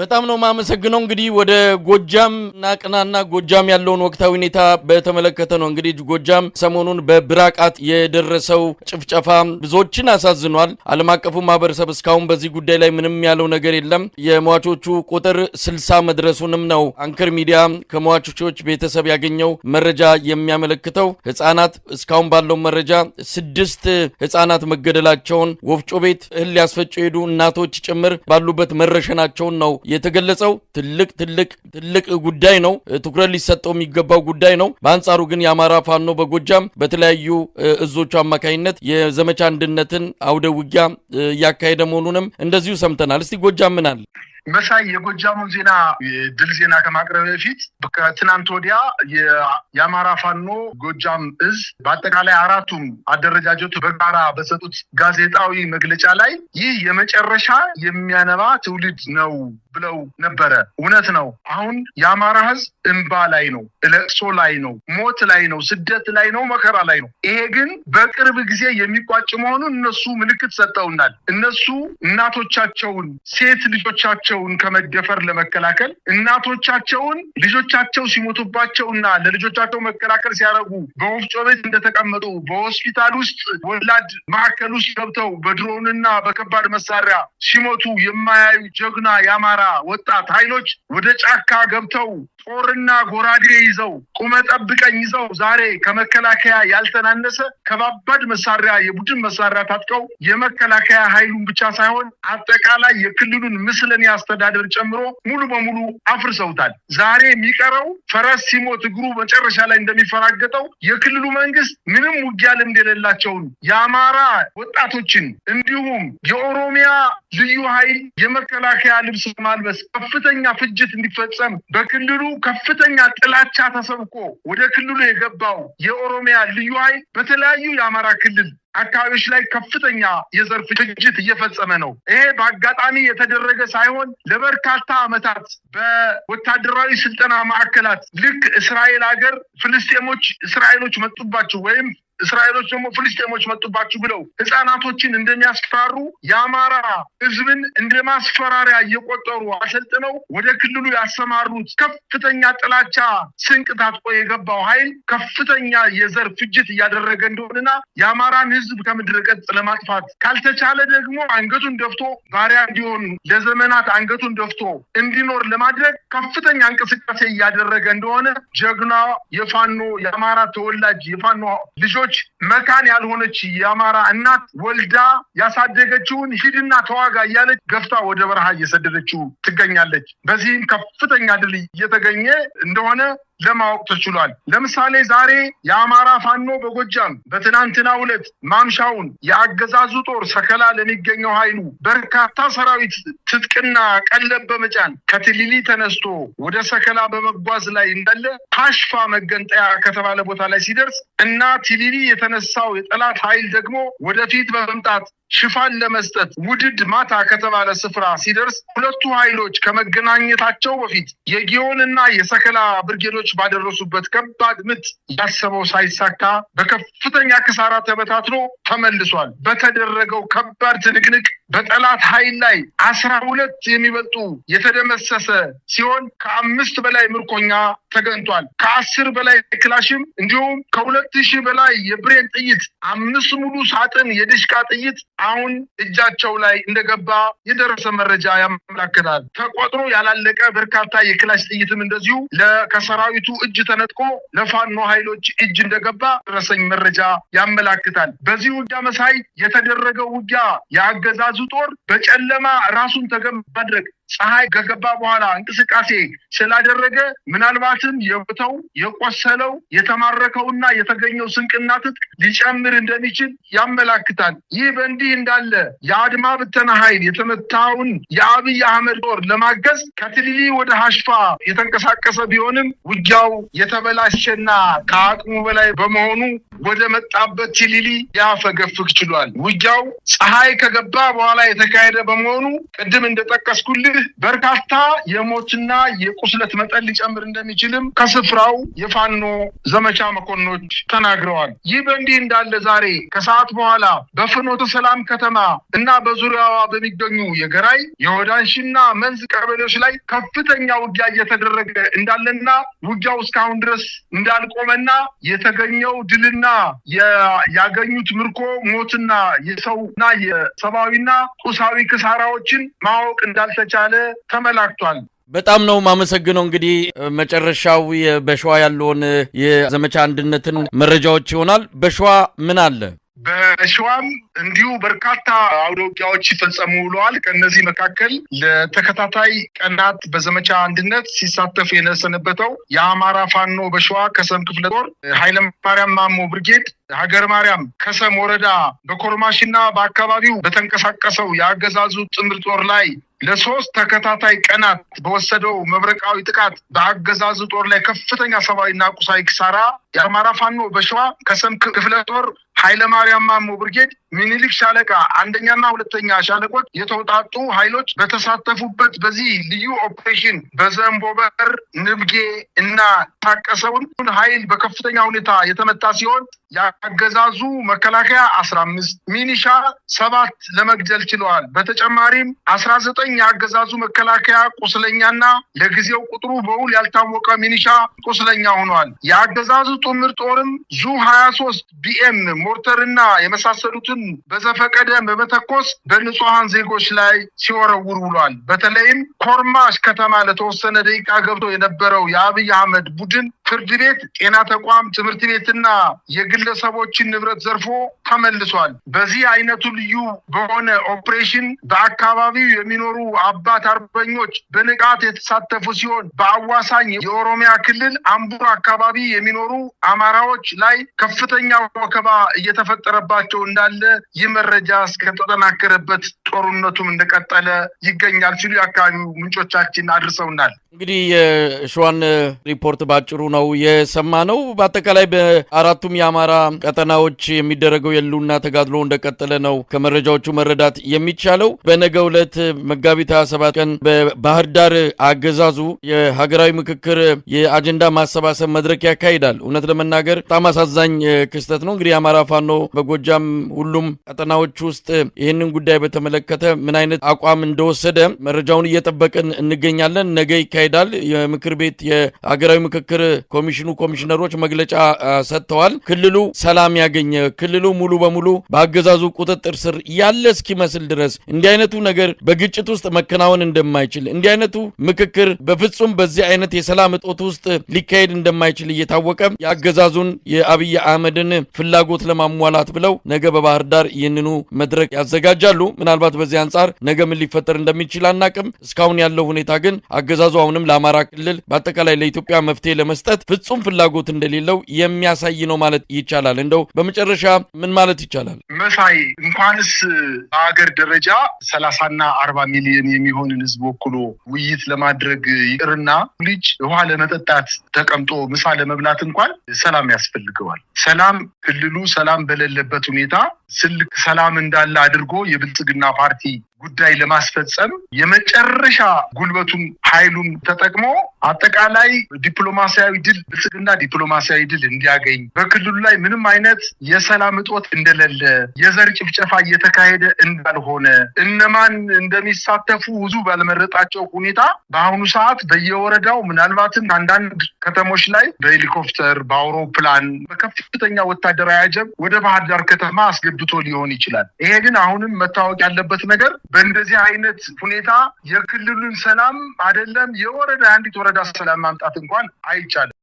በጣም ነው ማመሰግነው። እንግዲህ ወደ ጎጃም ናቅናና ጎጃም ያለውን ወቅታዊ ሁኔታ በተመለከተ ነው። እንግዲህ ጎጃም ሰሞኑን በብራቃት የደረሰው ጭፍጨፋ ብዙዎችን አሳዝኗል። ዓለም አቀፉ ማህበረሰብ እስካሁን በዚህ ጉዳይ ላይ ምንም ያለው ነገር የለም። የሟቾቹ ቁጥር ስልሳ መድረሱንም ነው አንከር ሚዲያ ከሟቾቾች ቤተሰብ ያገኘው መረጃ የሚያመለክተው። ህጻናት እስካሁን ባለው መረጃ ስድስት ህጻናት መገደላቸውን፣ ወፍጮ ቤት እህል ሊያስፈጩ ሄዱ እናቶች ጭምር ባሉበት መረሸናቸውን ነው የተገለጸው ትልቅ ትልቅ ትልቅ ጉዳይ ነው። ትኩረት ሊሰጠው የሚገባው ጉዳይ ነው። በአንጻሩ ግን የአማራ ፋኖ በጎጃም በተለያዩ እዞቹ አማካኝነት የዘመቻ አንድነትን አውደ ውጊያ እያካሄደ መሆኑንም እንደዚሁ ሰምተናል። እስቲ ጎጃም ምን አለ? መሳይ የጎጃሙን ዜና ድል ዜና ከማቅረብ በፊት ከትናንት ወዲያ የአማራ ፋኖ ጎጃም እዝ በአጠቃላይ አራቱም አደረጃጀቱ በጋራ በሰጡት ጋዜጣዊ መግለጫ ላይ ይህ የመጨረሻ የሚያነባ ትውልድ ነው ብለው ነበረ። እውነት ነው። አሁን የአማራ ህዝብ እንባ ላይ ነው፣ እለቅሶ ላይ ነው፣ ሞት ላይ ነው፣ ስደት ላይ ነው፣ መከራ ላይ ነው። ይሄ ግን በቅርብ ጊዜ የሚቋጭ መሆኑን እነሱ ምልክት ሰጠውናል። እነሱ እናቶቻቸውን ሴት ልጆቻቸው ልጆቻቸውን ከመደፈር ለመከላከል እናቶቻቸውን ልጆቻቸው ሲሞቱባቸው ለልጆቻቸው መከላከል ሲያደርጉ በወፍጮ ቤት እንደተቀመጡ በሆስፒታል ውስጥ ወላድ ማዕከል ውስጥ ገብተው በድሮንና በከባድ መሳሪያ ሲሞቱ የማያዩ ጀግና የአማራ ወጣት ኃይሎች ወደ ጫካ ገብተው ጦርና ጎራዴ ይዘው ቁመ ጠብቀኝ ይዘው ዛሬ ከመከላከያ ያልተናነሰ ከባባድ መሳሪያ የቡድን መሳሪያ ታጥቀው የመከላከያ ኃይሉን ብቻ ሳይሆን አጠቃላይ የክልሉን ምስልን ያስ አስተዳደር ጨምሮ ሙሉ በሙሉ አፍርሰውታል። ዛሬ የሚቀረው ፈረስ ሲሞት እግሩ መጨረሻ ላይ እንደሚፈራገጠው የክልሉ መንግስት ምንም ውጊያ ልምድ የሌላቸውን የአማራ ወጣቶችን እንዲሁም የኦሮሚያ ልዩ ኃይል የመከላከያ ልብስ ማልበስ ከፍተኛ ፍጅት እንዲፈጸም በክልሉ ከፍተኛ ጥላቻ ተሰብኮ ወደ ክልሉ የገባው የኦሮሚያ ልዩ ኃይል በተለያዩ የአማራ ክልል አካባቢዎች ላይ ከፍተኛ የዘርፍ ድርጅት እየፈጸመ ነው። ይሄ በአጋጣሚ የተደረገ ሳይሆን ለበርካታ ዓመታት በወታደራዊ ስልጠና ማዕከላት ልክ እስራኤል ሀገር ፍልስጤሞች እስራኤሎች መጡባቸው ወይም እስራኤሎች ደግሞ ፍልስጤሞች መጡባችሁ ብለው ህፃናቶችን እንደሚያስፈራሩ የአማራ ህዝብን እንደ ማስፈራሪያ እየቆጠሩ አሰልጥነው ወደ ክልሉ ያሰማሩት ከፍተኛ ጥላቻ ስንቅ ታጥቆ የገባው ኃይል ከፍተኛ የዘር ፍጅት እያደረገ እንደሆነና የአማራን ህዝብ ከምድረ ገጽ ለማጥፋት ካልተቻለ ደግሞ አንገቱን ደፍቶ ባሪያ እንዲሆን ለዘመናት አንገቱን ደፍቶ እንዲኖር ለማድረግ ከፍተኛ እንቅስቃሴ እያደረገ እንደሆነ ጀግና የፋኖ የአማራ ተወላጅ የፋኖ ልጆች ልጆች መካን ያልሆነች የአማራ እናት ወልዳ ያሳደገችውን ሂድና ተዋጋ እያለች ገፍታ ወደ በረሃ እየሰደደችው ትገኛለች። በዚህም ከፍተኛ ድል እየተገኘ እንደሆነ ለማወቅ ተችሏል። ለምሳሌ ዛሬ የአማራ ፋኖ በጎጃም በትናንትና ዕለት ማምሻውን የአገዛዙ ጦር ሰከላ ለሚገኘው ኃይሉ በርካታ ሰራዊት ትጥቅና ቀለብ በመጫን ከትሊሊ ተነስቶ ወደ ሰከላ በመጓዝ ላይ እንዳለ ታሽፋ መገንጠያ ከተባለ ቦታ ላይ ሲደርስ እና ትሊሊ የተነሳው የጠላት ኃይል ደግሞ ወደፊት በመምጣት ሽፋን ለመስጠት ውድድ ማታ ከተባለ ስፍራ ሲደርስ ሁለቱ ኃይሎች ከመገናኘታቸው በፊት የጊዮን እና የሰከላ ብርጌዶች ኃይሎች ባደረሱበት ከባድ ምት ያሰበው ሳይሳካ በከፍተኛ ክሳራ ተበታትኖ ተመልሷል። በተደረገው ከባድ ትንቅንቅ በጠላት ኃይል ላይ አስራ ሁለት የሚበልጡ የተደመሰሰ ሲሆን ከአምስት በላይ ምርኮኛ ተገኝቷል። ከአስር በላይ ክላሽም እንዲሁም ከሁለት ሺህ በላይ የብሬን ጥይት፣ አምስት ሙሉ ሳጥን የድሽቃ ጥይት አሁን እጃቸው ላይ እንደገባ የደረሰ መረጃ ያመላክታል። ተቆጥሮ ያላለቀ በርካታ የክላሽ ጥይትም እንደዚሁ ከሰራዊቱ እጅ ተነጥቆ ለፋኖ ኃይሎች እጅ እንደገባ ደረሰኝ መረጃ ያመላክታል። በዚህ ውጊያ መሳይ የተደረገው ውጊያ የአገዛዝ የአገዛዙ ጦር በጨለማ ራሱን ተገን ማድረግ ፀሐይ ከገባ በኋላ እንቅስቃሴ ስላደረገ ምናልባትም የሞተው የቆሰለው የተማረከውና የተገኘው ስንቅና ትጥቅ ሊጨምር እንደሚችል ያመላክታል። ይህ በእንዲህ እንዳለ የአድማ ብተና ኃይል የተመታውን የአብይ አህመድ ጦር ለማገዝ ከትልሊ ወደ ሀሽፋ የተንቀሳቀሰ ቢሆንም ውጊያው የተበላሸና ከአቅሙ በላይ በመሆኑ ወደ መጣበት ቲሊሊ ሊያፈገፍግ ችሏል። ውጊያው ፀሐይ ከገባ በኋላ የተካሄደ በመሆኑ ቅድም እንደጠቀስኩልህ በርካታ የሞትና የቁስለት መጠን ሊጨምር እንደሚችልም ከስፍራው የፋኖ ዘመቻ መኮንኖች ተናግረዋል። ይህ በእንዲህ እንዳለ ዛሬ ከሰዓት በኋላ በፍኖተ ሰላም ከተማ እና በዙሪያዋ በሚገኙ የገራይ የወዳንሽና መንዝ ቀበሌዎች ላይ ከፍተኛ ውጊያ እየተደረገ እንዳለና ውጊያው እስካሁን ድረስ እንዳልቆመና የተገኘው ድልና እና ያገኙት ምርኮ ሞትና የሰውና የሰብአዊና ቁሳዊ ክሳራዎችን ማወቅ እንዳልተቻለ ተመላክቷል። በጣም ነው ማመሰግነው። እንግዲህ መጨረሻው በሸዋ ያለውን የዘመቻ አንድነትን መረጃዎች ይሆናል። በሸዋ ምን አለ? በሸዋም እንዲሁ በርካታ አውደ ውጊያዎች ሲፈጸሙ ውለዋል። ከእነዚህ መካከል ለተከታታይ ቀናት በዘመቻ አንድነት ሲሳተፍ የሰነበተው የአማራ ፋኖ በሸዋ ከሰም ክፍለ ጦር ማርያም ማሞ ብርጌድ ሀገር ማርያም ከሰም ወረዳ በኮርማሽና በአካባቢው በተንቀሳቀሰው የአገዛዙ ጥምር ጦር ላይ ለሶስት ተከታታይ ቀናት በወሰደው መብረቃዊ ጥቃት በአገዛዙ ጦር ላይ ከፍተኛ ሰብአዊና ቁሳዊ ክሳራ የአማራ ፋኖ በሸዋ ከሰም ክፍለ ጦር ኃይለማርያም ማሞ ብርጌድ፣ ሚኒሊክ ሻለቃ አንደኛና ሁለተኛ ሻለቆች የተውጣጡ ኃይሎች በተሳተፉበት በዚህ ልዩ ኦፕሬሽን በዘንቦበር ንብጌ እና ታቀሰውን ኃይል በከፍተኛ ሁኔታ የተመታ ሲሆን ያገዛዙ መከላከያ አስራ አምስት ሚኒሻ ሰባት ለመግደል ችለዋል። በተጨማሪም አስራ ዘጠኝ የአገዛዙ መከላከያ ቁስለኛና ለጊዜው ቁጥሩ በውል ያልታወቀ ሚኒሻ ቁስለኛ ሆኗል። የአገዛዙ ጥምር ጦርም ዙ ሀያ ሶስት ቢኤም ሞርተርና የመሳሰሉትን በዘፈቀደ በመተኮስ በንጹሐን ዜጎች ላይ ሲወረውር ውሏል። በተለይም ኮርማሽ ከተማ ለተወሰነ ደቂቃ ገብቶ የነበረው የአብይ አህመድ ቡድን ፍርድ ቤት፣ ጤና ተቋም፣ ትምህርት ቤትና የግለሰቦችን ንብረት ዘርፎ ተመልሷል። በዚህ አይነቱ ልዩ በሆነ ኦፕሬሽን በአካባቢው የሚኖሩ አባት አርበኞች በንቃት የተሳተፉ ሲሆን በአዋሳኝ የኦሮሚያ ክልል አምቡር አካባቢ የሚኖሩ አማራዎች ላይ ከፍተኛ ወከባ እየተፈጠረባቸው እንዳለ ይህ መረጃ እስከተጠናከረበት ጦርነቱም እንደቀጠለ ይገኛል ሲሉ የአካባቢው ምንጮቻችን አድርሰውናል። እንግዲህ የሸዋን ሪፖርት ባጭሩ ነው ነው ነው። በአጠቃላይ በአራቱም የአማራ ቀጠናዎች የሚደረገው የህልውና ተጋድሎ እንደቀጠለ ነው ከመረጃዎቹ መረዳት የሚቻለው። በነገ ዕለት መጋቢት 27 ቀን በባህር ዳር አገዛዙ የሀገራዊ ምክክር የአጀንዳ ማሰባሰብ መድረክ ያካሂዳል። እውነት ለመናገር በጣም አሳዛኝ ክስተት ነው። እንግዲህ የአማራ ፋኖ በጎጃም ሁሉም ቀጠናዎች ውስጥ ይህንን ጉዳይ በተመለከተ ምን አይነት አቋም እንደወሰደ መረጃውን እየጠበቅን እንገኛለን። ነገ ይካሄዳል የምክር ቤት የሀገራዊ ምክክር ኮሚሽኑ ኮሚሽነሮች መግለጫ ሰጥተዋል። ክልሉ ሰላም ያገኘ ክልሉ ሙሉ በሙሉ በአገዛዙ ቁጥጥር ስር ያለ እስኪመስል ድረስ እንዲህ አይነቱ ነገር በግጭት ውስጥ መከናወን እንደማይችል እንዲህ አይነቱ ምክክር በፍጹም በዚህ አይነት የሰላም እጦት ውስጥ ሊካሄድ እንደማይችል እየታወቀ የአገዛዙን የአብይ አህመድን ፍላጎት ለማሟላት ብለው ነገ በባህር ዳር ይህንኑ መድረክ ያዘጋጃሉ። ምናልባት በዚህ አንጻር ነገ ምን ሊፈጠር እንደሚችል አናቅም። እስካሁን ያለው ሁኔታ ግን አገዛዙ አሁንም ለአማራ ክልል በአጠቃላይ ለኢትዮጵያ መፍትሄ ለመስጠት ለመስጠት ፍጹም ፍላጎት እንደሌለው የሚያሳይ ነው ማለት ይቻላል። እንደው በመጨረሻ ምን ማለት ይቻላል? መሳይ እንኳንስ በሀገር ደረጃ ሰላሳና አርባ ሚሊዮን የሚሆንን ህዝብ ወክሎ ውይይት ለማድረግ ይቅርና ልጅ ውሃ ለመጠጣት ተቀምጦ ምሳ ለመብላት እንኳን ሰላም ያስፈልገዋል። ሰላም ክልሉ ሰላም በሌለበት ሁኔታ ስልክ ሰላም እንዳለ አድርጎ የብልጽግና ፓርቲ ጉዳይ ለማስፈጸም የመጨረሻ ጉልበቱን ኃይሉን ተጠቅሞ አጠቃላይ ዲፕሎማሲያዊ ድል ብልጽግና ዲፕሎማሲያዊ ድል እንዲያገኝ በክልሉ ላይ ምንም አይነት የሰላም እጦት እንደሌለ የዘር ጭፍጨፋ እየተካሄደ እንዳልሆነ እነማን እንደሚሳተፉ ብዙ ባልመረጣቸው ሁኔታ በአሁኑ ሰዓት በየወረዳው ምናልባትም አንዳንድ ከተሞች ላይ በሄሊኮፕተር በአውሮፕላን በከፍተኛ ወታደራዊ አጀብ ወደ ባህር ዳር ከተማ አስገብቶ ሊሆን ይችላል። ይሄ ግን አሁንም መታወቅ ያለበት ነገር በእንደዚህ አይነት ሁኔታ የክልሉን ሰላም አይደለም የወረዳ አንዲት ወረዳ ሰላም ማምጣት እንኳን አይቻልም።